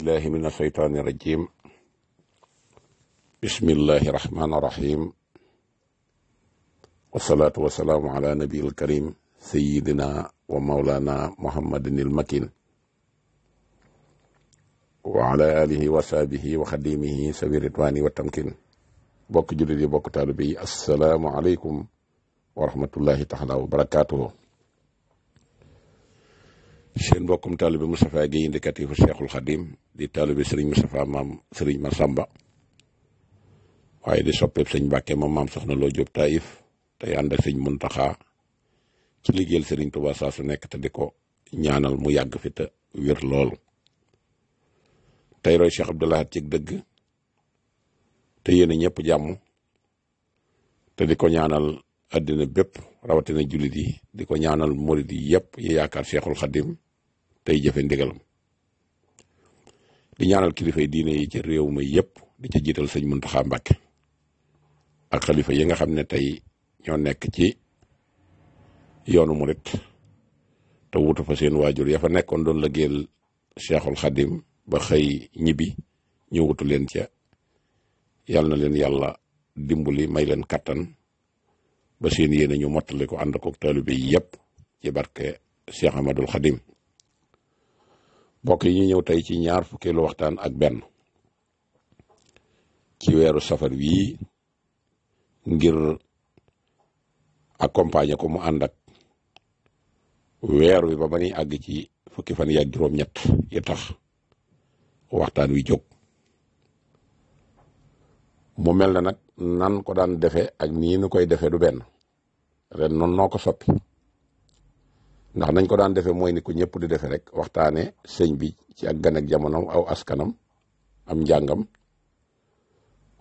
بالله من الشيطان الرجيم بسم الله الرحمن الرحيم والصلاة والسلام على نبي الكريم سيدنا ومولانا محمد المكين وعلى آله وصحبه وخديمه سبي الرضوان والتمكين بوك جلدي بوك طالبي السلام عليكم ورحمة الله تعالى وبركاته seen mbokkum taalibe Moustapha Guèye indicatifu Cheikhul Khadim di taalibe sëriñ Moustapha maam sëriñ Massamba waaye di soppeeb sëñ Mbàkke moom maam soxna loo Jóob Taïf tey ànd ak sëñ Muntaxa ci liggéeyal sëriñ Tuubaa saa su nekk te di ko ñaanal mu yàgg fi te wér lool tey roy Cheikh Abdou Lahad ci dëgg te yéen ñëpp jàmm te di ko ñaanal àddina bépp rawatina jullit yi di ko ñaanal murid yi yëpp yi yaakaar Cheikhul Khadim tey jëfe ndigalam di ñaanal kilifa yi diine yi ci réew ma yëpp di ca jiital sëñ Muntaxa Mbàkke ak xalifa yi nga xam ne tey ñoo nekk ci yoonu murit te wutu fa seen waajur ya fa nekkoon doon liggéeyal Cheikhul Xadim ba xëy ñibbi ñu wutu leen ca yal na leen yàlla dimbali may leen kattan ba seen yéene ñu mottali ko ànd ko bi yi yëpp ci barke Cheikh Amadul Xadim mbokk yi ñu ñëw tey ci ñaar fukkeelu waxtaan ak benn ci weeru safar wii ngir accompagner ko mu ànd ak weer wi ba ba ñuy àgg ci fukki fan yi ak juróom-ñett yi tax waxtaan wi jóg mu mel na nag nan ko daan defe ak nii nu koy defe du benn ren noonu noo ko soppi ndax nañ ko daan defee mooy ni ko ñëpp di defee rek waxtaane sëñ bi ci ak gan ak aw askanam am njàngam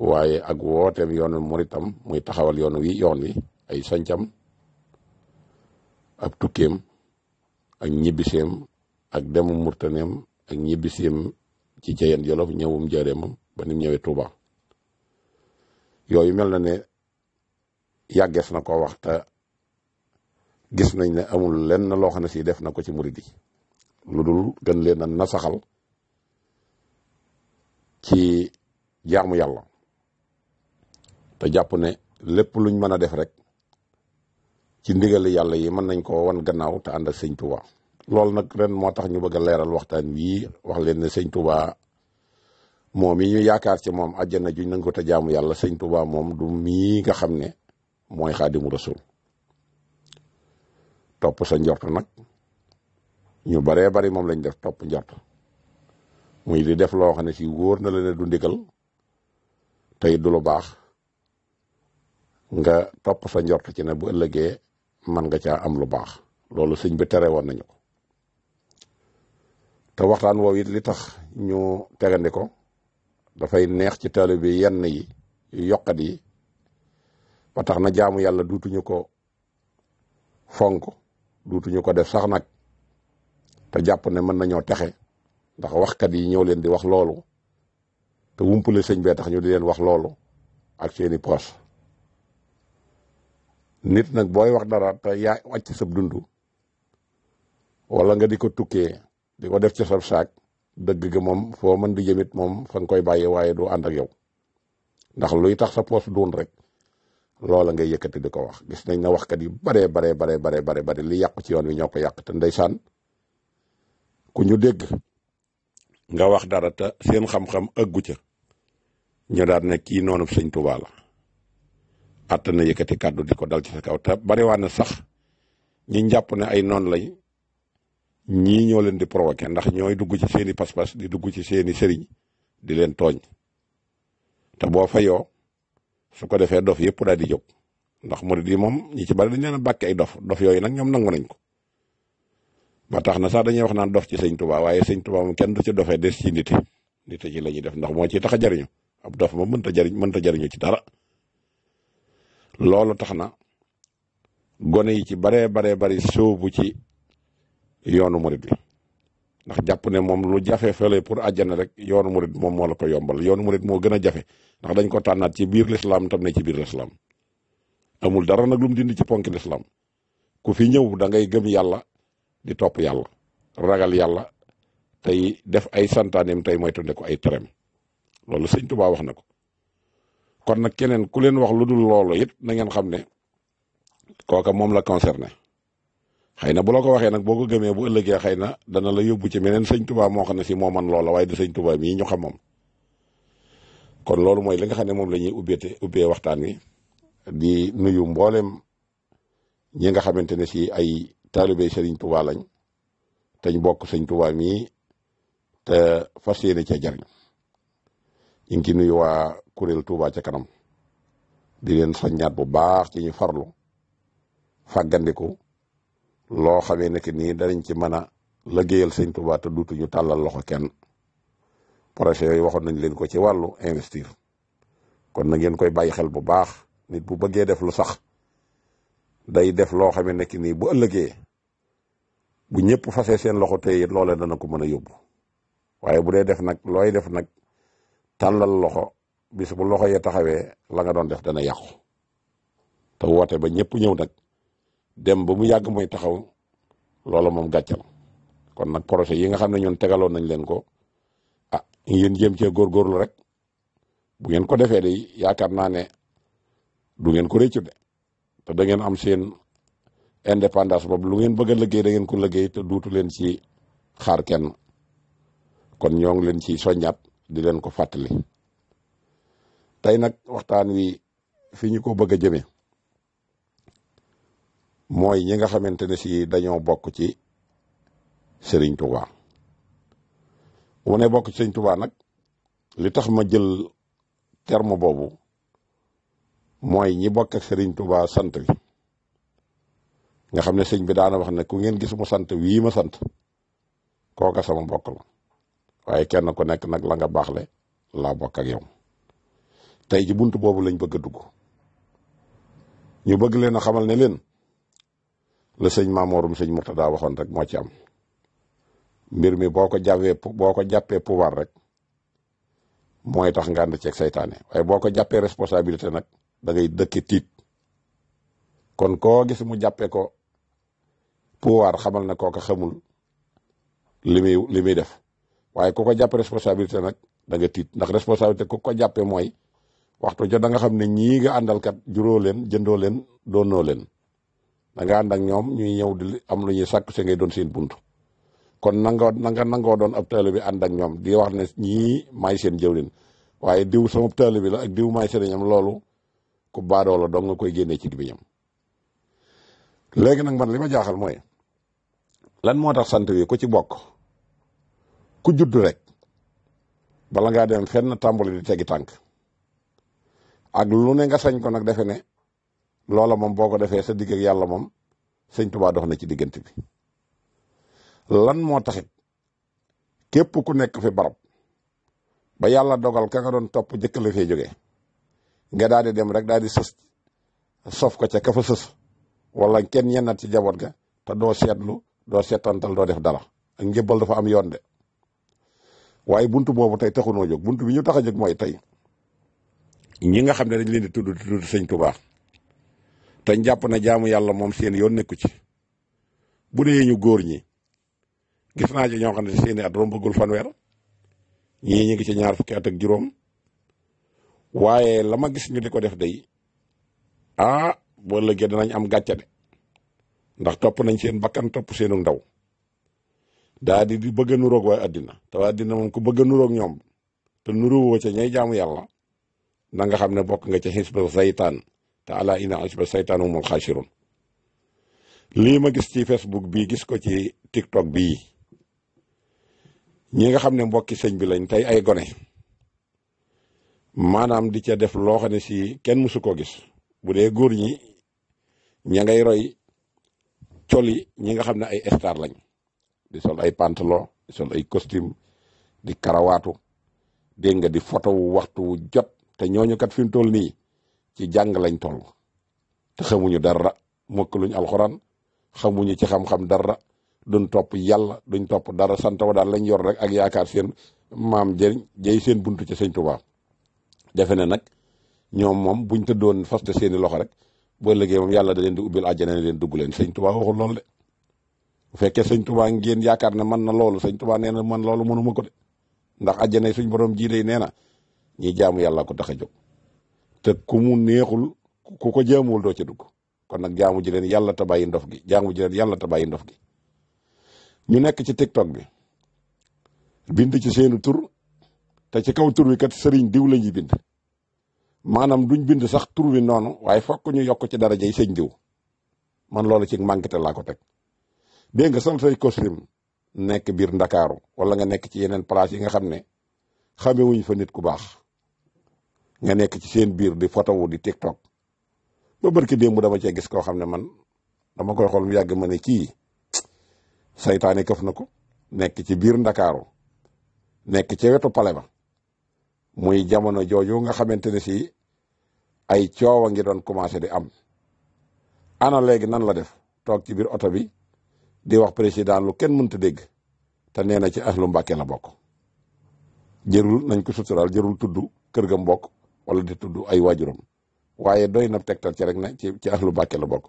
waaye ak wooteem yoonu muritam muy taxawal yoon wi yoon wi ay sancam ab tukkeem ak ñibbiseem ak demu murtaneem ak ñibbiseem ci Ceyeen Jolof ñëwum jëreemam ba nim ñëwee Tuuba yooyu mel na ne yàggees na ko waxta gis nañ ne amul lenn loo xam ne si def na ko ci murid yi lu dul gën leen a nasaxal ci jaamu yàlla te jàpp ne lépp luñ mën a def rek ci ndigal yàlla yi mën nañ ko wan gannaaw te ànd ak sëñ Touba loolu nag ren moo tax ñu bëgg a leeral waxtaan wii wax leen ne sëñ Touba moom yi ñu yaakaar ci moom àjjana juñ nañ ko te jaamu yàlla sëñ Touba moom du mii nga xam ne mooy xaadimu rasul topp sa njort nag ñu baree bari moom lañ def topp njort muy di def loo xam ne si wóor na la du ndigal tey du lu baax nga topp sa njort ci ne bu ëllëgee mën nga caa am lu baax loolu sëñ bi tere woon nañu ko te waxtaan woow it li tax ñu tegandi ko dafay neex ci taalibe bi yenn yi yokkat yi ba tax na jaamu yàlla duutuñu ko fonk duutuñu ko def sax nag te jàpp ne mën nañoo texe ndax waxkat yi ñëw leen di wax loolu te wumpule sëñ bee tax ñu di leen wax loolu ak seeni poos nit nag booy wax dara te yaa wàcc sab dund wala nga di ko tukkee di ko def ci saak dëgg ga moom foo mën di jëmit moom fa nga koy bàyyi waaye du ànd ak yow ndax luy tax sa poos dun rek loola ngay yëkkati di ko wax gis nañ na waxkat yu baree bare bare baree bare bari li yàqu ci yoon wi ñoo ko yàq te saan ku ñu dégg nga wax dara te seen xam-xam ëggu ca ñoo daal ne kii noonu sëñ Tuubaa la àtt na yëkkati kàddu di ko dal ci sa kaw te bari waa na sax ñi njàpp ne ay noon lañ ñii ñoo leen di provoqué ndax ñooy dugg ci seeni pas-pas di dugg ci seeni sëriñ di leen tooñ te boo fayoo su ko defee dof yëpp daal di jóg ndax murid yi moom ñi ci bari dañ leen a ay dof dof yooyu nag ñoom nangu nañ ko ba tax na sax dañuy wax naan dof ci sëñ Tuubaa waaye sëñ Tuubaa moom kenn du ci dofee des ci nite nite ci la ñuy def ndax moo ciy tax a jariñu ab dof moom mënta jariñ mënta jariñu ci dara loolu tax na gone yi ci baree baree bari soobu ci yoonu murid bi ndax jàpp ne moom lu jafe fële pour àjjana rek yoonu murid moom moo la ko yombal yoonu murid moo gën a jafe ndax dañ ko tànnaat ci biir lislaam tam ne ci biir lislaam amul dara nag lu mu dindi ci ponk lislaam ku fi ñëw da ngay gëm yàlla di topp yàlla ragal yàlla tey def ay santaaneem tey moytandi ko ay terem loolu sëñ Tuubaa wax na ko kon nag keneen ku leen wax lu dul loolu it na ngeen xam ne kooka moom la concerné xëy na bu la ko waxee nag boo ko gëmee bu ëllëgee xëy na dana la yóbbu ci meneen sëñ tubaa moo xam ne si moo man loola waaye di sëñ tubaa mii ñu xam moom kon loolu mooy li nga xam ne moom la ñuy ubbeete ubbee waxtaan wi di nuyu mboolem ñi nga xamante ne si ay taalibe sëriñ tubaa lañ te bokk sëñ tubaa mii te fas yéene ca jariñ ñu ngi ci nuyu waa kuréel Touba ca kanam di leen soññaat bu baax ci ñu farlu fàggandiku loo xamee ne que nii danañ ci mën a liggéeyal sëñ Tuubaa te duutuñu tàllal loxo kenn projet yooyu waxoon nañ leen ko ci wàllu investir kon na ngeen koy bàyyi xel bu baax nit bu bëggee def lu sax day def loo xame ne que nii bu ëllëgee bu ñëpp fasee seen loxo tey it loolee dana ko mën a yóbbu waaye bu dee def nag looy def nag tàllal loxo bis bu loxo yee taxawee la nga doon def dana yàqu te woote ba ñëpp ñëw nag. dem ba mu yàgg mooy taxaw loola moom gàccal kon nag projet yi nga xam ne ñoon tegaloon nañ leen ko ah ngeen jéem cee góorgóorlu rek bu ngeen ko defee de yaakaar naa ne du ngeen ko réccu de te da ngeen am seen indépendance boobu lu ngeen bëgg a liggéey da ngeen ko liggéey te duutu leen ci xaar kenn kon ñoo ngi leen ci soññaat di leen ko fàttali tey nag waxtaan wi fi ñu ko bëgg a jëmee mooy ñi nga xamante ne si dañoo bokk ci sëriñ tuba bu ne bokk ci Serigne Touba nag li tax ma jël terme boobu mooy ñi bokk ak Serigne Touba sant wi nga xam ne sëñ bi daana wax ne ku ngeen gis mu sant wii ma sant kooka sama mbokk la waaye kenn ku nekk nag la nga le laa bokk ak yow tey ci bunt boobu lañ bëgg a dugg ñu bëgg leen a xamal ne leen. la sëñ Maamoorum sëñ Murtada waxoon rek moo ci am mbir mi boo ko jàppee boo ko jàppee pouvoir rek mooy tax nga ànd ceeg saytaane waaye boo ko jàppee responsabilité nag da ngay dëkke tiit kon koo gis mu jàppee ko pouvoir xamal na kooka xamul li muy li muy def waaye ku ko jàpp responsabilité nag da nga tiit ndax responsabilité ku ko jàppee mooy waxtu jot da xam ne ñii nga àndal kat juróo leen jëndoo leen doonoo leen da nga ñoom ñuy ñëw di am lu ñuy sàkk se doon seen bunt kon nangoo nanga nangoo doon ab taali bi ànd ñoom di wax ne ñii maay seen jëwrin waaye diw sama taali bi la ak diw maay sëriñam loolu ku baadoo la dong nga koy génnee ci ñam léegi nag man lima ma jaaxal mooy lan moo tax sant wi ku ci bokk ku judd rek bala ngaa dem na tàmbali di tegi tànk ak lu ne nga sañ kon nag defe ne loola moom boo ko defee sa digg yàlla moom sëñ Tuubaa dox na ci diggante bi lan moo taxit képp ku nekk fi barab ba yàlla dogal ka nga doon topp jëkk la fee jógee nga daal di dem rek daal di sës sof ko ca ka sës wala kenn ñennat ci jaboot ga te doo seetlu doo seetantal doo def dara ak njëbbal dafa am yoon de waaye buntu boobu tey taxunoo jóg buntu bi ñu tax a jóg mooy tey ñi nga xam ne dañ leen di tudd di tudd sëñ Tuubaa dañ jàpp na jaamu yàlla moom seen yoon nekku ci bu dee ñu góor ñi gis naa ci ñoo xam ne seeni at rombagul fanweer ñii ñu juróom waaye la di ko def day ah boo lëggee am gàcce ndax topp nañ seen bakkan topp seenu ndaw daa di bëgg a nuroog waaye te waa addina moom bëgg a ñoom te nuruwoo ca ñay jaamu yàlla na nga xam ne bokk nga ca xisba saytaan te ala ina ajba saytaan humul xaasirun lii ma gis ci facebook bii gis ko ci tiktok bii ñi nga xam ne mbokki sëñ bi lañ tey ay gone maanaam di ca def loo xam ne si kenn mësu koo gis bu dee góor ñi ña ngay roy coli ñi nga xam ne ay star lañ di sol ay pantalon di sol ay costume di karawaatu dégg nga di photo waxtu jot te ñooñu kat fi mu toll nii ci jàng lañ toll te xamuñu dara mokkaluñ alxuraan xamuñu ci xam-xam dara duñ topp yàlla duñ topp dara santa wa daal lañ yor rek ak yaakaar seen maam jëriñ jëy seen buntu ci sëñ Tuubaa defe ne nag ñoom moom buñ tëddoon faste seeni loxo rek boo liggéey moom yàlla da leen di ubbil àjjana ne leen dugg leen sëñ Tuubaa waxul lool de bu fekkee sëñ Tuubaa ngeen yaakaar ne mën na loolu sëñ Tuubaa nee na man loolu mënuma ko de ndax àjjana suñ borom ji day nee na ñi jaamu yàlla ko tax a jóg te ku neexul ku ko jaamuwul doo ca dugg kon nag jaamu ji leen yàlla ta bàyyi ndof gi jaamu ji yàlla ta bàyyi ndof gi ñu nekk ci tiktok bi bind ci seenu tur te ci kaw tur wi kat sëriñ diw la ñuy bind maanaam duñ bind sax tur wi noonu waaye fokk ñu yokk ci daraja yi sëñ diw man loolu ci manqué te laa ko teg dégg nga sol say costume nekk biir ndakaaru wala nga nekk ci yeneen place yi nga xam ne xamewuñ fa nit ku baax nga nekk ci seen biir di fotowu di tiktok ba barki démb dama cee gis koo xam ne man dama koy xool mu yàgg ma ne kii saytaane këf na ko nekk ci biir ndakaaru nekk ci wetu pale ma muy jamono jooju nga xamante ne si ay coow a ngi doon commencé di am ana léegi nan la def toog ci biir oto bi di wax président lu kenn mënta dégg te nee na ci ahlu Mbàkke la bokk jërul nañ ko suturaal jërul tudd kër ga mbokk wala di tudd ay waajuram waaye doy na tegtal ci rek ne ci ci ahlu Mbàkke la bokk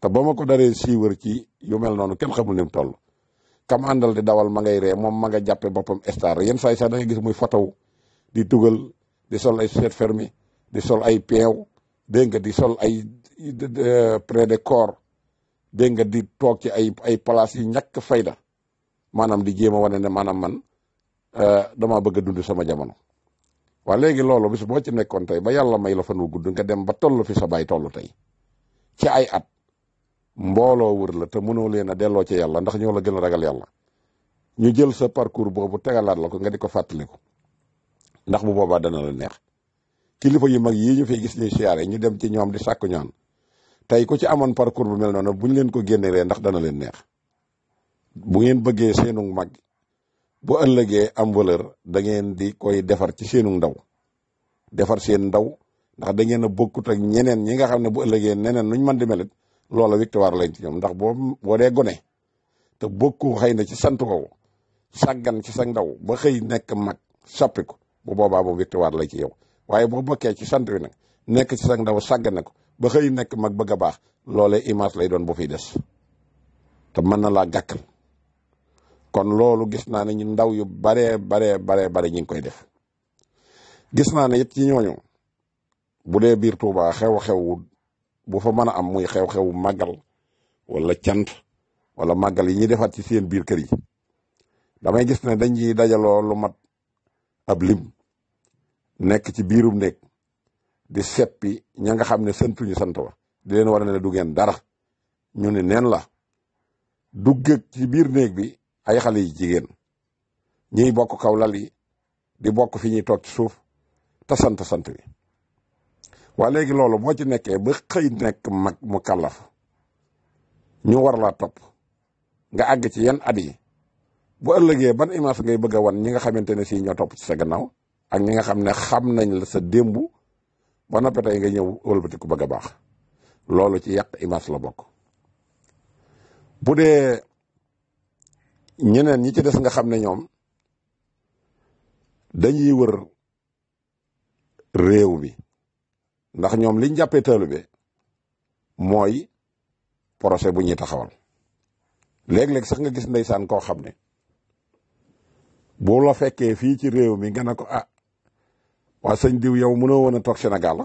te ba ma ko daree siiwër ci yu mel noonu kenn xamul ni mu toll kam àndal di dawal ma ngay ree moom ma nga jàppe boppam star yenn saay sax da gis muy fotow di tugal di sol ay set fermi di sol ay peew dégg nga di sol ay près de corps dégg nga di toog ci ay ay place yu ñàkk fayda maanaam di jéem a wane ne maanaam man euh, dama bëgg dund sama jamono waa léegi loolu bis boo ci nekkoon tey ba yàlla may la fan wu gudd nga dem ba toll fi sa baay toll tey ci ay at mbooloo wër la te mënoo leen a delloo ci yàlla ndax ñoo la gën a ragal yàlla ñu jël sa parcours boobu tegalaat la ko nga di ko fàttaliku ndax bu boobaa dana la neex kilifa yu mag yii ñu fay gis ñuy siyaare ñu dem ci ñoom di sàkku ñaan tey ku ci amoon parcours bu mel noonu bu ñu leen ko génnee ndax dana leen neex bu ngeen bëggee seenu mag boo ëllëgee am valeur da ngeen di koy defar ci seenu ndaw defar seen ndaw ndax dangeen ngeen bokkut rek ñeneen ñi nga xam ne bu ëllëgee neneen nuñ mën di melit loola victoire lañ ci ñoom ndax boo boo gone te bokku xëy na ci sant ko sàggan ci sa ndaw ba xëy nekk mag soppi ko bu boobaa bu victoire la ci yow waaye boo bokkee ci sant wi nag nekk ci sa ndaw sàggane ko ba xëy nekk mag bëgg a baax loole image lay doon boo fiy des te mën na laa gàkkal kon loolu gis naa ne ñu ndaw yu bare bare baree bare ñu ngi koy def gis naa ne it ci ñooñu bu dee biir Touba xew-xew bu fa mën a am muy xew-xewu màggal wala cant wala màggal yi ñuy defaat ci seen biir kër yi damay gis ne dañuy dajaloo lu mat ab lim nekk ci biirum néeg di seppi ña nga xam ne santuñu sant wa di leen war ne du ngeen dara ñu ne neen la dugg ci biir néeg bi ay xale yu jigéen ñuy bokk kaw lal yi di bokk fi ñuy toog suuf te sant sant bi waa léegi loolu boo ci nekkee ba xëy nekk mag mu kàllaf ñu war a laa topp nga àgg ci yenn at yi bu ëllëgee ban image ngay bëgg a wan ñi nga xamante ne sii ñoo topp ci sa gannaaw ak ñi nga xam ne xam nañ la sa démb ba noppi tey nga ñëw wëlbatiku bëgg a baax loolu ci yàq image la bokk bu dee ñeneen ñi ci des nga xam ne ñoom dañuy wër réew mi ndax ñoom liñ jàppee taalibe mooy projet bu ñuy taxawal léeg-léeg sax nga gis ndeysaan koo xam ne bu la fekkee fii ci réew mi nga ne ko ah waa sëñ diw yow mënoo woon a toog Sénégal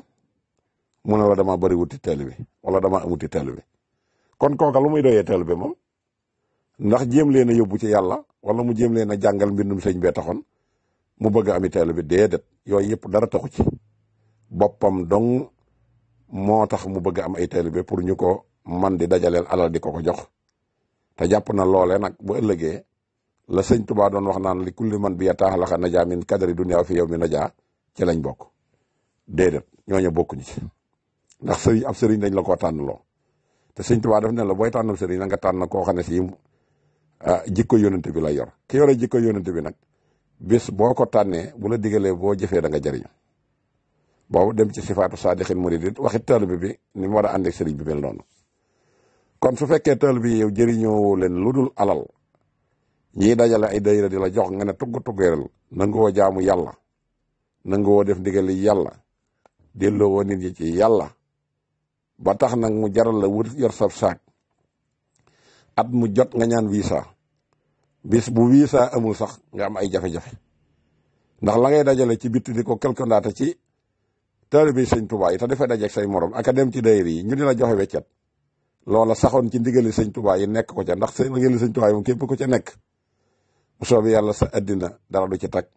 mu ne la dama bëri wuti taalibe wala dama amuti taalibe kon kooka lu muy doyee taalibe moom ndax jéem leen a yóbbu ci yàlla wala mu jéem leen a jàngal mbindum sëñ bee taxoon mu bëgg ami teelu bi déedéet yooyu yëpp dara taxu ci boppam dong moo tax mu bëgg am ay teelu bi pour ñu ko man di dajaleel alal di ko jox te jàpp na loole nag boo ëllëgee la sëñ Tuubaa doon wax naan li kulli man bi yataaxalaxa najaa min kadari dunya fi yow mi najaa ci lañ bokk déedéet ñooñu bokkuñu ci ndax sëriñ ab sëriñ dañ la koo tànnaloo te sëñ Tuubaa daf ne la booy tànnal sëriñ na nga tànn koo xam ne si Ah, jikko yonente bi la yor ki yore jikko yonente bi nag bis boo ko tànnee bu la digalee boo jefee da nga jëriñu boobu dem ci sifaatu saadixin muridin waxi taalibe bi ni mu war a ànd ak sëriñ bi mel noonu kon su fekkee taalibe bi yow jëriñoo leen lu dul alal ñii dajale ay dayra di la jox nga ne tugg tuggeeral nanguwoo jaamu yàlla nanguwoo def ndigal yi yàlla delloo nit ñi ci yàlla ba tax nag mu jaral la wut yor sab saak at mu jot nga ñaan visa bis bu visa amul sax nga am ay jafe-jafe ndax la ngay dajale ci bitti di ko quelque ndaata ci taalibe sëñ Tuubaa yi te defe dajeeg say morom ak a dem ci dayri yi ñu di la joxe weccet loola saxoon ci ndigali sëñ Tuubaa yi nekk ko ca ndax seen ndigali sëñ Tuubaa yi moom képp ko ca nekk bu soobee yàlla sa addina dara du ci tag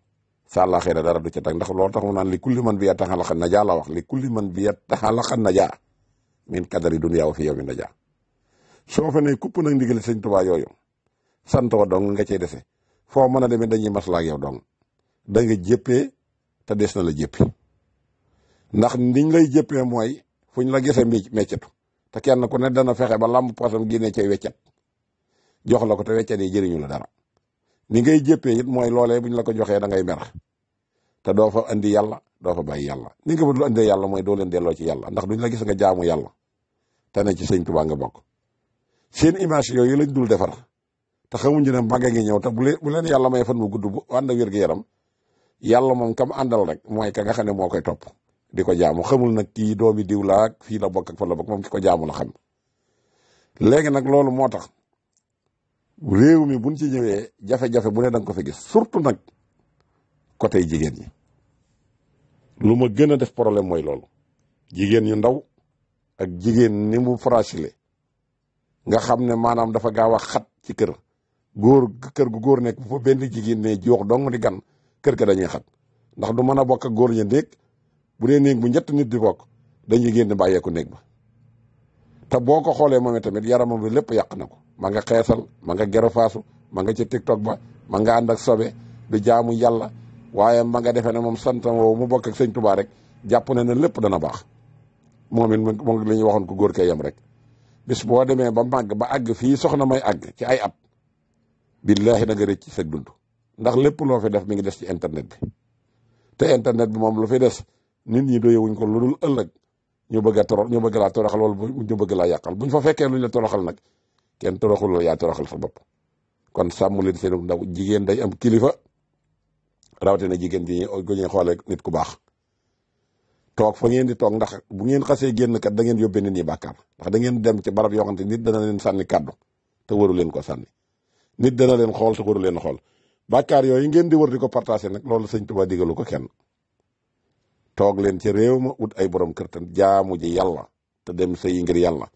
sa àllaaxira dara du ci tag ndax lool tax mu naan li kulli man bi yattaxalaqa najaa la wax li kulli man bi yattaxalaqa najaa min kadari dunya wa fi yawmi najaa soo fa ne kupp nag ndigal sëñ Tuubaa yooyu sant wa dong nga cey dese foo mën a demee dañuy maslaa ak yow dong nga jëppee te des na la jëppi ndax niñ lay jëppee mooy fuñ la gisee meccetu te kenn ku ne dana fexe ba làmb poosam génnee cay weccat jox la ko te yi jëriñu la dara ni ngay jëppee it mooy loolee buñ la ko joxee dangay ngay mer te doo fa andi yàlla doo fa bàyyi yàlla ni nga fa dul andi yàlla mooy doo leen delloo ci yàlla ndax duñ la gis nga jaamu yàlla te ne ci sëñ Tuubaa nga bokk seen image yooyu lañ dul defar te xamuñu ne màgg ngi ñëw te bu leen bu leen yàlla may fan mu gudd bu ànd ak wér-gu-yaram yàlla moom kam àndal rek mooy ka nga xam ne moo koy topp di ko jaamu xamul nag kii doomi diw laa fii la bokk ak fa la bokk moom ki ko jaamu la xam léegi nag loolu moo tax réew mi buñ ci ñëwee jafe-jafe bu ne da ko fa gis surtout nag côté jigéen ñi lu ma gën a def problème mooy loolu jigéen ñu ndaw ak jigéen ni mu fragile nga xam ne maanaam dafa gaaw a xat ci kër góor kër gu góor nekk bu benn jigéen ne joox dong di gan kër ga dañuy xat ndax du mën a bokk ak góor ña néeg bu dee néeg mu ñett nit di bokk dañuy génn bàyyeeku néeg ma te boo ko xoolee moom tamit yaram bi lépp yàq na ko ma nga xeesal ma nga gero faasu ma nga ci tiktok ba ma nga ànd sobe du jaamu yàlla waaye ma nga defee ne moom santa woowu mu bokk ak tubaa Tuubaa rek jàpp na ne lépp dana baax moom it moom la ñuy waxoon ko góor kee yem rek bis boo demee ba màgg ba àgg fii soxna may àgg ci ay at billahi nag nga rëcc sa dund ndax lépp loo fi def mi ngi des ci internet bi te internet bi moom lu fi des nit ñi doyewuñ ko lu dul ëllëg ñu bëgg a toro ñu bëgg laa toroxal wala ñu bëgg laa yàqal buñ fa fekkee luñ la toroxal nag kenn toroxul loolu yaa toroxal sa bopp kon sàmm leen seen ndaw jigéen day am kilifa na jigéen ji ñuy xoolee nit ku baax toog fa ngeen di toog ndax bu ngeen xasee génn kat da ngeen yóbbee nit ñi ndax da ngeen dem ci barab yoo xam te nit dana leen sànni kàddu te waru leen ko sànni nit dana leen xool te waru leen xool bàkkaar yooyu ngeen di wër di ko partagé nag loolu sëñ Tuubaa digalu ko kenn toog leen ci réew ma ut ay borom kër te jaamu ji yàlla te dem sëyi ngir yàlla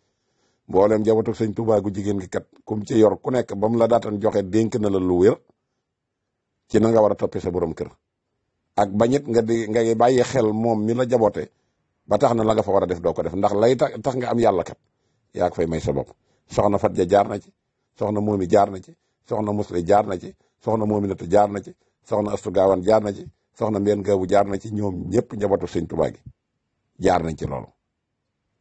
mboolem jabatu sëñ tubaa gu jigéen gi kat kum ci yor ku nekk ba mu la daatan joxe dénk na la lu wér na nga war a toppee sa borom kër ak bañit nga di ngay bàyyi xel moom mi la jabote ba tax na la nga fa war a def doo ko def ndax lay tax nga am yàlla kat yaa ko fay may sa bopp soxna Fatia jaar na ci soxna Momi jaar na ci soxna Musle jaar na ci soxna Mominata jaar na ci soxna Astu Gaawan jaar na ci soxna Mbeen Gaawu jaar na ci ñoom ñëpp njabootu Sëñ Tuubaa gi jaar nañ ci lool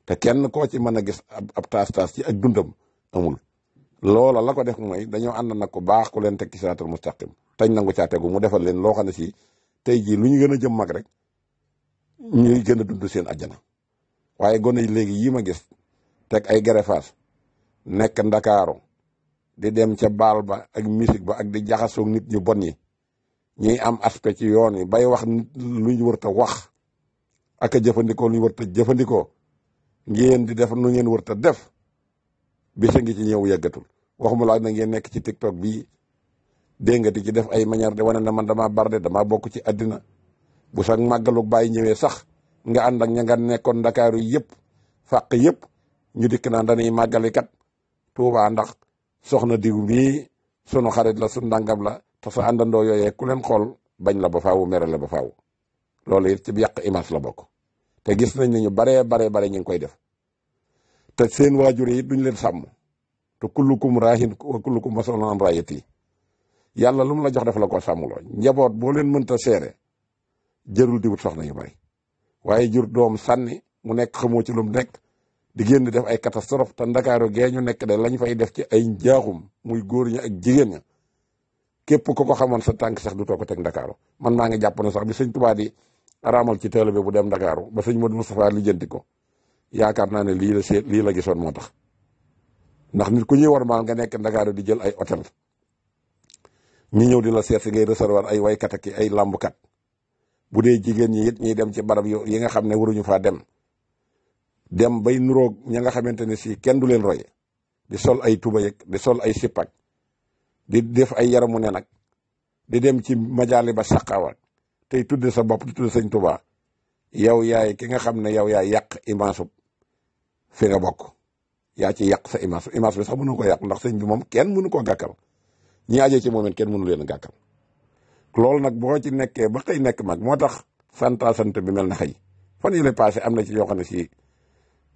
te kenn koo ci mën a gis ab taas taas ci ak dundam amul loola la ko def mooy dañoo ànd nag ku baax ku leen teg ci siraatal mustaqim tañ nangu caa tegu mu defa leen loo xam ne si tey jii lu ñu gën a jëm mag rek ñu ñuy gën a dund seen àjjana waaye gone yi léegi yii ma gis teg ay gerefaas nekk ndakaaru di dem ca baal ba ak musique ba ak di jaxasoog nit ñu bon yi ñuy am aspect ci yoon yi bay wax lu ñu wërta wax ak a jëfandikoo lu ñu wërta jëfandikoo ngeen di def nu ngeen wërta def bisa ngi ci ñëw yàggatul waxuma laa na ngeen nekk ci tiktok bi dégg nga di ci def ay manière de wane na man damaa barde damaa bokk ci àddina bu sax màggalu bàyyi ñëwee sax nga ànd ak ña nekkoon ndakaaru yëpp fàq yëpp ñu dikk naan dañuy màggale kat tuubaa ndax soxna diw mii sunu xarit la sunu ndàngam la te sa àndandoo yooyee ku leen xool bañ la ba faaw mere la ba faaw loolu it ci yàq image la bokk te gis nañ ne ñu baree baree bare ñu ngi koy def te seen waajur yi duñ leen sàmm te kullukum raahin wa kullukum mas'uulun an ra'iyyatihi yàlla lu mu la jox def la ko sàmmloo njaboot boo leen mënta seere jërul di wut soxna yu bari waaye jur doom sànni mu nekk xamoo ci lu mu nekk di génn def ay catastrophe te ndakaaru gee ñu nekk de lañ fay def ci ay njaaxum muy góor ña ak jigéen ña képp ko ko xamoon sa tànk sax du too ko teg ndakaaru man maa ngi jàpp ne sax bi sëñ Tuubaa di araamal ci teele bi bu dem ndakaaru ba sëñ Modou Moustapha lijjanti ko yaakaar naa ne lii la seet la gisoon moo tax ndax nit ku ñuy war maal nga nekk ndakaaru di jël ay hôtel ñu ñëw di la seet si ngay recevoir ay waykat ak ay làmbkat bu dee jigéen ñi it ñuy dem ci barab yi nga xam ne waruñu faa dem dem bay nuroog ña nga xamante ne si kenn du leen roy di sol ay tuba yëg di sol ay sipak di def ay yaramu ne nag di dem ci majaali ba saqaawa tey tudde sa bopp di tudde sëñ tubaa yow yaay ki nga xam ne yow yaay yàq image fi nga bokk yaa ci yàq sa image image bi mu mënu ko yàq ndax sëñ bi moom kenn mënu koo gàkkal ñi ajee ci moomeen kenn mënu leen a gàkkal loolu nag boo ci nekkee ba xëy nekk mag moo tax santa sant bi mel na xëy fan yële passé am na ci yoo xam ne si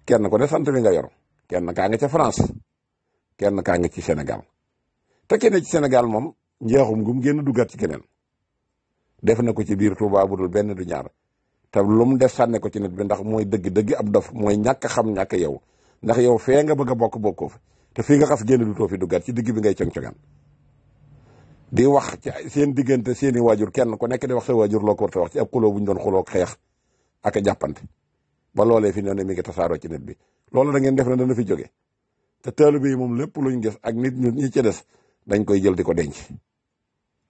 kenn ko ne sant bi nga yor kenn kaa nga ca France kenn kaa nga ci Sénégal te kenn ci Sénégal moom njeexum gum génn duggaat ci keneen def ko ci biir bu dul benn du ñaar te lu mu def sànne ko ci net bi ndax mooy dëgg-dëgg ab daf mooy ñàkk xam ñàkk yow ndax yow fee nga bëgg bokk bokkoo fa te fii nga xas génn du too fi duggaat ci digg bi ngay cong congaan di wax ci seen diggante seen i waajur kenn ku nekk di wax sa waajur loo ko war a wax ci ab xuloo bu ñu doon xuloo xeex ak a jàppante ba loolee fi ne ne mi ngi tasaaroo ci nit bi loolu da ngeen def ne dana fi jóge te taalibe yi moom lépp luñ gis ak nit ñu ñi ci des dañ koy jël di ko denc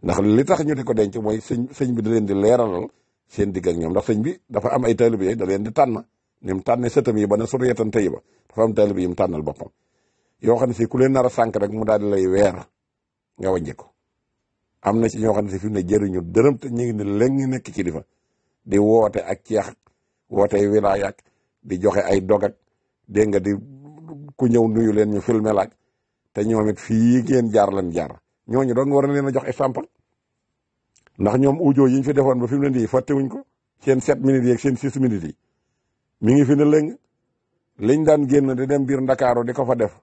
ndax li tax ñu di ko denc mooy sëñ sëñ bi da leen di leeralal seen digg ñoom ndax sëñ bi dafa am ay taalibe yi da leen di tànn ni mu tànnee sëtam yi ba ne suryatan tey ba dafa am taalibe yi mu tànnal boppam yoo xam ne si ku leen nar sànq rek mu daal di lay weer nga wàññi ko am na ci ñoo xam ne si fi mu ne jëriñu dërëm te ñu ngi ne léegi nekk kilifa di woote ak ceex woote wilaaya ak di joxe ay dog ak dégg nga di ku ñëw nuyu leen ñu filmé laaj te ñoom it fii ngeen jaar lan jaar ñooñu doon war a leen a jox exemple ndax ñoom audio yi ñu fi defoon ba fi mu ne nii fàtte wuñ ko seen 7 minutes yi ak seen 6 minutes yi mi ngi fi ne léegi liñ daan génn di dem biir Ndakaaru di ko fa def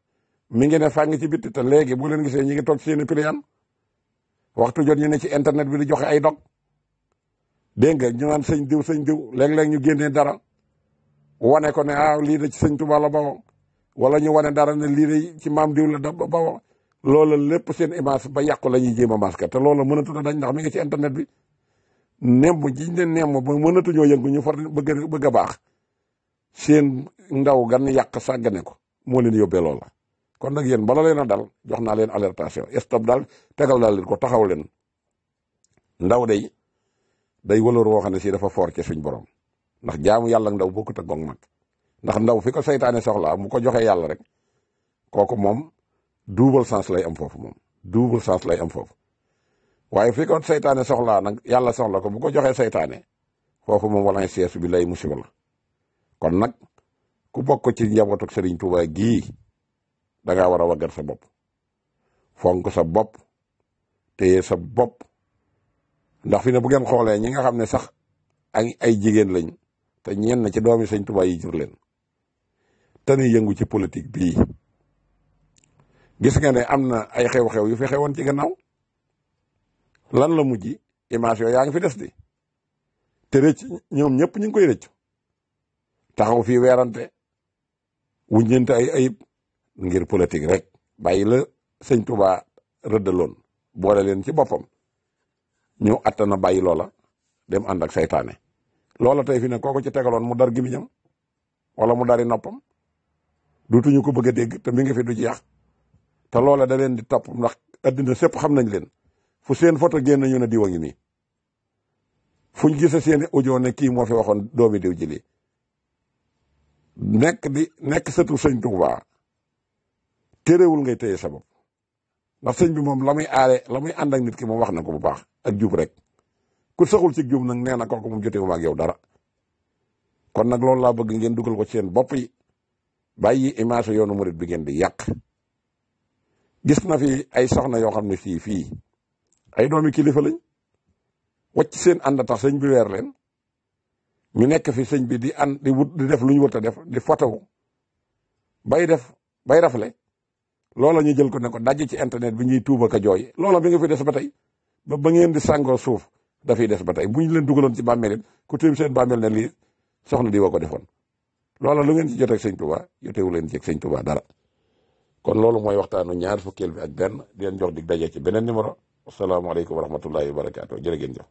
mi ngi ne fàng ci bitti te léegi bu leen gisee ñi ngi toog seen i waxtu jot ñu ne ci internet bi di joxe ay dog dégg nga ñu naan sëñ diw sëñ diw léeg-léeg ñu génnee dara wane ko ne ah lii de ci sëñ Tuubaa la bawoo wala ñu wane dara ne lii de ci maam diw la da bawoo loola lépp seen image ba yàqu la ñuy jéem a masque te loola mënatu a dañ ndax mi ngi ci internet bi nemm jiñ ne nemm ba mënatu ñoo yëngu ñu far bëgg bëgg a baax seen ndaw gan yàq ne ko moo leen yóbbee loola kon nag yéen bala leen a dal jox naa leen alertation stop daal tegal daal leen ko taxaw leen ndaw day day wëloor woo xam ne si dafa foor ci suñ borom ndax jaamu yàlla ndaw bokkut ak gong mag ndax ndaw fi ko soxla soxlaa mu ko joxee yàlla rek kooku moom double sens lay am foofu moom double sens lay am foofu waaye fi ko saytaane soxlaa nag yàlla soxla ko bu ko joxee saytaane foofu moom walaay sees bi lay musiba la kon nag ku bokk ci njabootu Serigne Touba gii da war a waggar sa bopp fonk sa bopp téye sa bopp ndax fi ne bu ngeen xoolee ñi nga xam ne sax ay ay jigéen lañ te ñenn ci doomi Sëñ Tuubaa yi jur leen te ñuy yëngu ci politique bii gis nga ne am na ay xew-xew yu fi xewoon ci gannaaw lan la mujj image yooyu yaa ngi fi des di te rëcc ñoom ñëpp ñu ngi koy rëcc taxaw fii weerante wuññeente ay ayib ngir politique rek bàyyi la sëñ Touba rëddaloon boole leen ci boppam ñu attana bàyyi loola dem ànd ak saytaane loola tey fi ne kooku ci tegaloon mu dar gémmiñam wala mu dari noppam duutuñu ko bëgg dégg te mi ngi fi du jeex te loola da leen di topp ndax addina sëpp xam nañ leen fu seen photo génn ñu ne diw ngi nii fuñ gisa seen audio ne kii moo fi waxoon doomi diw ji lii nekk di nekk sëtu sëñ tuubaa téréwul nga téye sa bopp ndax sëñ bi moom lamuy muy aare la muy ànd ak nit ki moom wax na ko bu baax ak jub rek ku saxul ci jub nag nee na kooku moom jote wu ma ak yow dara kon nag loolu laa bëgg ngeen dugal ko ci seen bopp yi bàyyi image yoonu murit bi ngeen di yàq gis na fi ay soxna yoo xam ne fii fii ay doomi kilifa lañ wacc seen ànd tax sëñ bi weer leen ñu nekk fi sëñ bi di ànd di def lu ñu wut a def di fotowu bay def bay rafle loola ñu jël ko ne ko ci internet bi ñuy tuuba ka jooy loola bi nga fi des ba tey ba ba di sàngoo suuf dafay des ba tey bu ñu leen dugaloon ci ba bàmmeel ku tiim seen bàmmeel ne lii soxna di woo ko defoon loola lu ngeen ci jot ak sëñ Tuubaa jotewu leen ci ak sëñ Tuubaa dara kon loolu mooy waxtaanu ñaar fukkeel bi ak benn di jox dig daje ci beneen numéro asalaamaaleykum wa rahmatullahi wa barakaatu jërë ngeen jëf